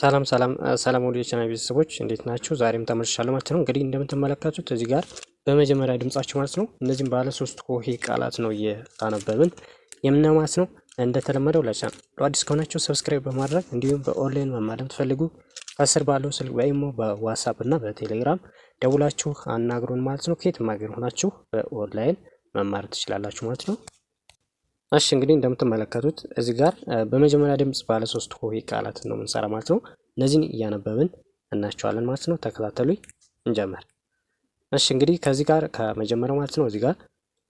ሰላም ሰላም ሰላም ወዲዮ ቻናል ቤተሰቦች እንዴት ናችሁ? ዛሬም ተመልሻለሁ ማለት ነው። እንግዲህ እንደምትመለከቱት እዚህ ጋር በመጀመሪያ ድምጻችሁ ማለት ነው እነዚህም ባለ ሶስት ሆሄ ቃላት ነው እያነበብን የምናየው ማለት ነው። እንደተለመደው ለቻናሉ አዲስ ከሆናችሁ ሰብስክራይብ በማድረግ እንዲሁም በኦንላይን መማር ለምትፈልጉ ከስር ባለው ስልክ ወይም በዋትሳፕ እና በቴሌግራም ደውላችሁ አናግሩን ማለት ነው። ከየትም ሀገር ሆናችሁ በኦንላይን መማር ትችላላችሁ ማለት ነው። እሺ እንግዲህ እንደምትመለከቱት እዚህ ጋር በመጀመሪያ ድምፅ ባለ ሶስት ሆሄ ቃላትን ነው የምንሰራ ማለት ነው። እነዚህን እያነበብን እናቸዋለን ማለት ነው። ተከታተሉ እንጀምር። እሺ እንግዲህ ከዚህ ጋር ከመጀመሪያው ማለት ነው እዚህ ጋር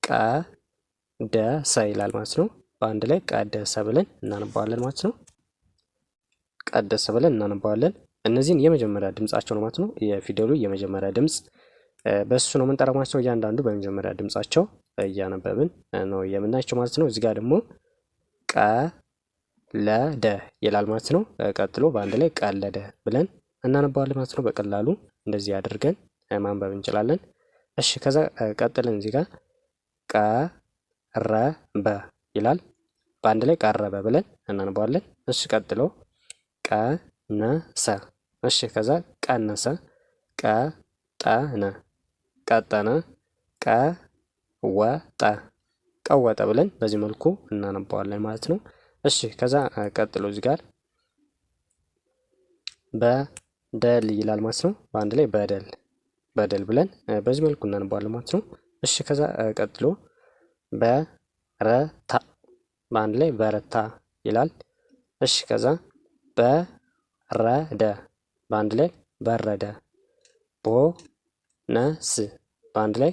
ቀደሰ ይላል ማለት ነው። በአንድ ላይ ቀደሰ ብለን እናነባዋለን ማለት ነው። ቀደሰ ብለን እናነባዋለን። እነዚህን የመጀመሪያ ድምጻቸው ነው ማለት ነው። የፊደሉ የመጀመሪያ ድምፅ በእሱ ነው የምንጠራው ማለት ነው። እያንዳንዱ በመጀመሪያ ድምጻቸው እያነበብን ነው የምናያቸው ማለት ነው። እዚህ ጋር ደግሞ ቀለደ ይላል ማለት ነው። ቀጥሎ በአንድ ላይ ቀለደ ብለን እናነባዋለን ማለት ነው። በቀላሉ እንደዚህ አድርገን ማንበብ እንችላለን። እሺ ከዛ ቀጥለን እዚህ ጋር ቀረበ ይላል። በአንድ ላይ ቀረበ ብለን እናነባዋለን። እሺ ቀጥሎ ቀነሰ። እሺ ከዛ ቀነሰ፣ ቀጠነ፣ ቀጠነ፣ ቀ ወጠ ቀወጠ ብለን በዚህ መልኩ እናነባዋለን ማለት ነው። እሺ ከዛ ቀጥሎ እዚህ ጋር በደል ይላል ማለት ነው። በአንድ ላይ በደል በደል ብለን በዚህ መልኩ እናነባዋለን ማለት ነው። እሺ ከዛ ቀጥሎ በረታ በአንድ ላይ በረታ ይላል። እሺ ከዛ በረደ በአንድ ላይ በረደ ቦነስ በአንድ ላይ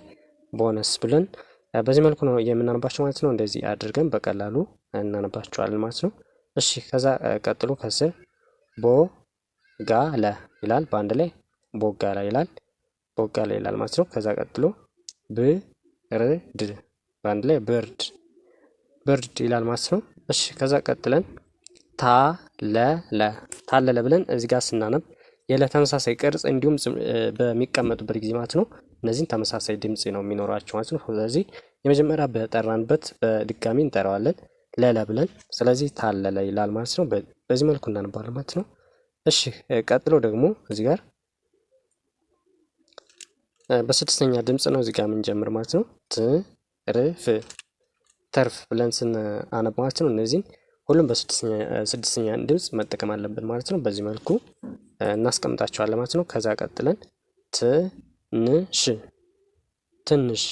ቦነስ ብለን በዚህ መልኩ ነው የምናነባቸው ማለት ነው። እንደዚህ አድርገን በቀላሉ እናነባቸዋለን ማለት ነው። እሺ ከዛ ቀጥሎ ከስር ለ ይላል፣ በአንድ ላይ ቦጋለ ይላል፣ ቦጋለ ይላል ማለት ነው። ከዛ ቀጥሎ ብርድ፣ በአንድ ላይ ብርድ፣ ብርድ ይላል ማለት ነው። እሺ ከዛ ቀጥለን ታለለ፣ ታለለ ብለን እዚህ ጋር ስናነብ ለተመሳሳይ ቅርጽ እንዲሁም በሚቀመጡበት ጊዜ ማለት ነው እነዚህን ተመሳሳይ ድምፅ ነው የሚኖራቸው ማለት ነው። ስለዚህ የመጀመሪያ በጠራንበት በድጋሚ እንጠራዋለን ለለ ብለን ስለዚህ ታለለ ይላል ማለት ነው። በዚህ መልኩ እናነባለን ማለት ነው። እሺ ቀጥሎ ደግሞ እዚህ ጋር በስድስተኛ ድምፅ ነው እዚህ ጋር የምንጀምር ማለት ነው። ትርፍ ተርፍ ብለን ስናነብ ማለት ነው እነዚህን ሁሉም በስድስተኛ ድምፅ መጠቀም አለብን ማለት ነው። በዚህ መልኩ እናስቀምጣቸዋለን ማለት ነው። ከዛ ቀጥለን ትንሽ ትንሽ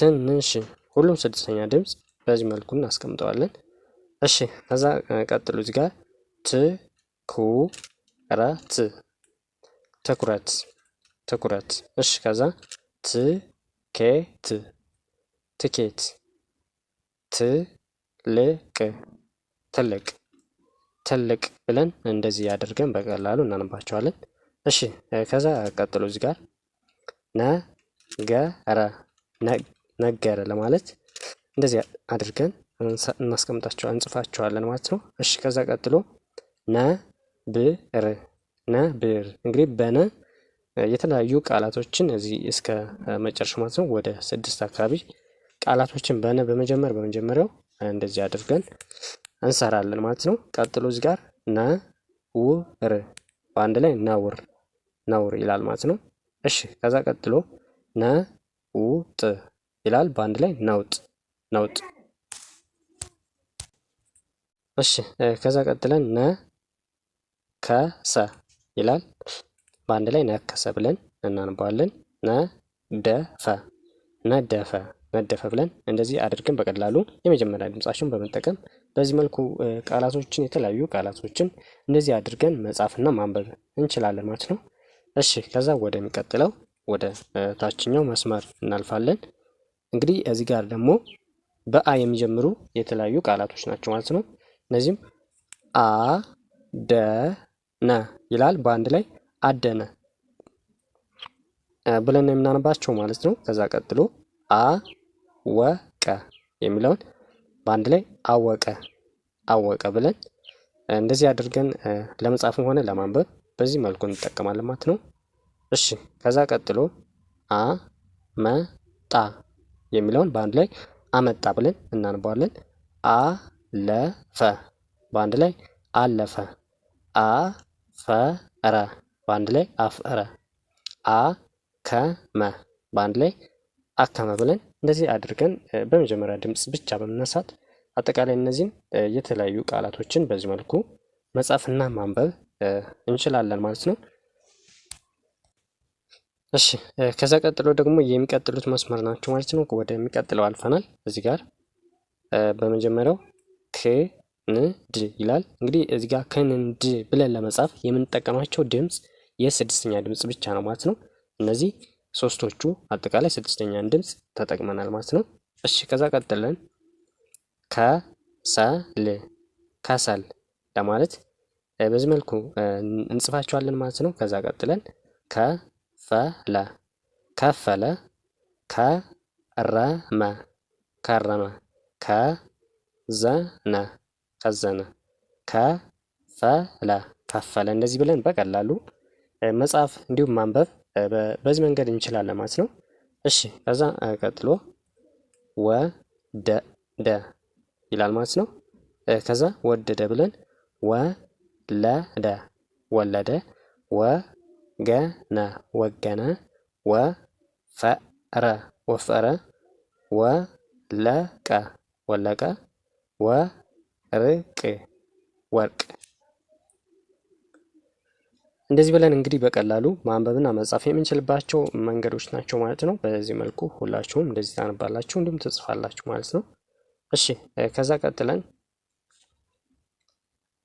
ትንሽ ሁሉም ስድስተኛ ድምፅ በዚህ መልኩ እናስቀምጠዋለን። እሺ ከዛ ቀጥሉ እዚህ ጋር ትኩረት ትኩረት ትኩረት። እሺ ከዛ ትኬት ትኬት ት ልቅ ትልቅ ትልቅ ብለን እንደዚህ አድርገን በቀላሉ እናነባቸዋለን። እሺ ከዛ ቀጥሎ እዚህ ጋር ነገረ ነገረ ለማለት እንደዚህ አድርገን እናስቀምጣቸዋለን እንጽፋቸዋለን ማለት ነው። እሺ ከዛ ቀጥሎ ነ ብር ነ ብር እንግዲህ በነ የተለያዩ ቃላቶችን እዚህ እስከ መጨረሻ ማለት ነው ወደ ስድስት አካባቢ ቃላቶችን በነ በመጀመር በመጀመሪያው እንደዚህ አድርገን እንሰራለን ማለት ነው። ቀጥሎ እዚህ ጋር ነውር በአንድ ላይ ነውር ነውር ይላል ማለት ነው። እሺ ከዛ ቀጥሎ ነውጥ ይላል በአንድ ላይ ነውጥ ነውጥ። እሺ ከዛ ቀጥለን ነከሰ ይላል በአንድ ላይ ነከሰ ብለን እናንባለን ነደፈ ነደፈ መደፈ ብለን እንደዚህ አድርገን በቀላሉ የመጀመሪያ ድምጻችን በመጠቀም በዚህ መልኩ ቃላቶችን የተለያዩ ቃላቶችን እንደዚህ አድርገን መጻፍና ማንበብ እንችላለን ማለት ነው። እሺ ከዛ ወደሚቀጥለው ወደ ታችኛው መስመር እናልፋለን። እንግዲህ እዚህ ጋር ደግሞ በአ የሚጀምሩ የተለያዩ ቃላቶች ናቸው ማለት ነው። እነዚህም አ ደ ነ ይላል። በአንድ ላይ አደነ ብለን የምናነባቸው ማለት ነው። ከዛ ቀጥሎ አ ወቀ የሚለውን በአንድ ላይ አወቀ አወቀ ብለን እንደዚህ አድርገን ለመጻፍም ሆነ ለማንበብ በዚህ መልኩ እንጠቀማለን ማለት ነው። እሺ ከዛ ቀጥሎ አ መ ጣ የሚለውን በአንድ ላይ አመጣ ብለን እናንባዋለን። አለፈ በአንድ ላይ አለፈ። አፈረ በአንድ ላይ አፈረ። አከመ በአንድ ላይ አከመ ብለን እንደዚህ አድርገን በመጀመሪያ ድምፅ ብቻ በመነሳት አጠቃላይ እነዚህን የተለያዩ ቃላቶችን በዚህ መልኩ መጻፍና ማንበብ እንችላለን ማለት ነው። እሺ ከዛ ቀጥሎ ደግሞ የሚቀጥሉት መስመር ናቸው ማለት ነው። ወደሚቀጥለው አልፈናል። እዚህ ጋር በመጀመሪያው ክንድ ይላል። እንግዲህ እዚህ ጋር ክንድ ብለን ለመጻፍ የምንጠቀማቸው ድምፅ የስድስተኛ ድምፅ ብቻ ነው ማለት ነው እነዚህ ሶስቶቹ አጠቃላይ ስድስተኛን ድምፅ ተጠቅመናል ማለት ነው። እሺ ከዛ ቀጥለን ከሰል ከሰል ለማለት በዚህ መልኩ እንጽፋቸዋለን ማለት ነው። ከዛ ቀጥለን ከፈለ ከፈለ ከረመ ከረመ ከዘነ ከዘነ ከፈለ ከፈለ እንደዚህ ብለን በቀላሉ መጻፍ እንዲሁም ማንበብ በዚህ መንገድ እንችላለን ማለት ነው። እሺ ከዛ ቀጥሎ ወደደ ይላል ማለት ነው። ከዛ ወደደ ብለን ወለደ ወለደ ወገነ ወገነ ወፈረ ወፈረ ወለቀ ወለቀ ወርቅ ወርቅ እንደዚህ ብለን እንግዲህ በቀላሉ ማንበብና መጻፍ የምንችልባቸው መንገዶች ናቸው ማለት ነው። በዚህ መልኩ ሁላችሁም እንደዚህ ታነባላችሁ እንዲሁም ትጽፋላችሁ ማለት ነው። እሺ ከዛ ቀጥለን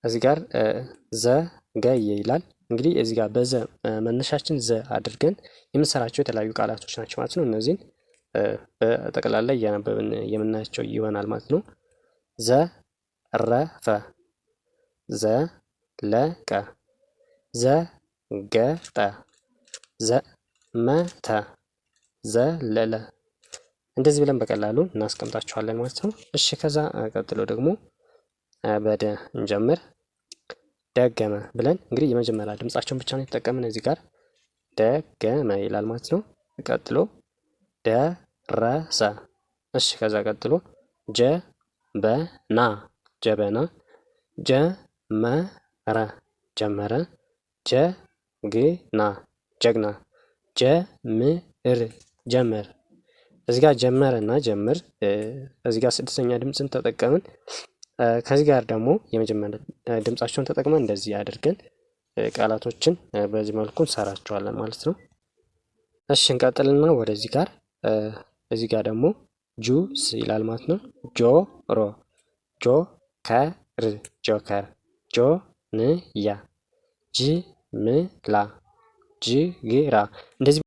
እዚህ ጋር ዘ ገየ ይላል። እንግዲህ እዚህ ጋር በዘ መነሻችን ዘ አድርገን የምንሰራቸው የተለያዩ ቃላቶች ናቸው ማለት ነው። እነዚህን በጠቅላላ እያነበብን የምናያቸው ይሆናል ማለት ነው። ዘ ረፈ ዘ ለቀ ዘገጠ ዘመተ ዘለለ እንደዚህ ብለን በቀላሉ እናስቀምጣቸዋለን ማለት ነው። እሺ ከዛ ቀጥሎ ደግሞ በደ እንጀምር። ደገመ ብለን እንግዲህ የመጀመሪያ ድምጻቸውን ብቻ ነው የተጠቀምን እዚህ ጋር ደገመ ይላል ማለት ነው። ቀጥሎ ደረሰ። እሺ ከዛ ቀጥሎ ጀበና ጀበና ጀመረ ጀመረ ጀግና ጀግና ጀምር ጀመር እዚጋ ጋር ጀመረ እና ጀምር እዚጋ ስድስተኛ ድምፅን ተጠቀምን። ከዚህ ጋር ደግሞ የመጀመሪያ ድምፃቸውን ተጠቅመን እንደዚህ አድርገን ቃላቶችን በዚህ መልኩ እንሰራቸዋለን ማለት ነው። እሺ እንቀጥልና ወደዚህ ጋር እዚህ ጋር ደግሞ ጁስ ይላል ማለት ነው። ጆሮ ጆከር ጆከር ጆንያ ጂ ምላ ጅግራ እንደዚህ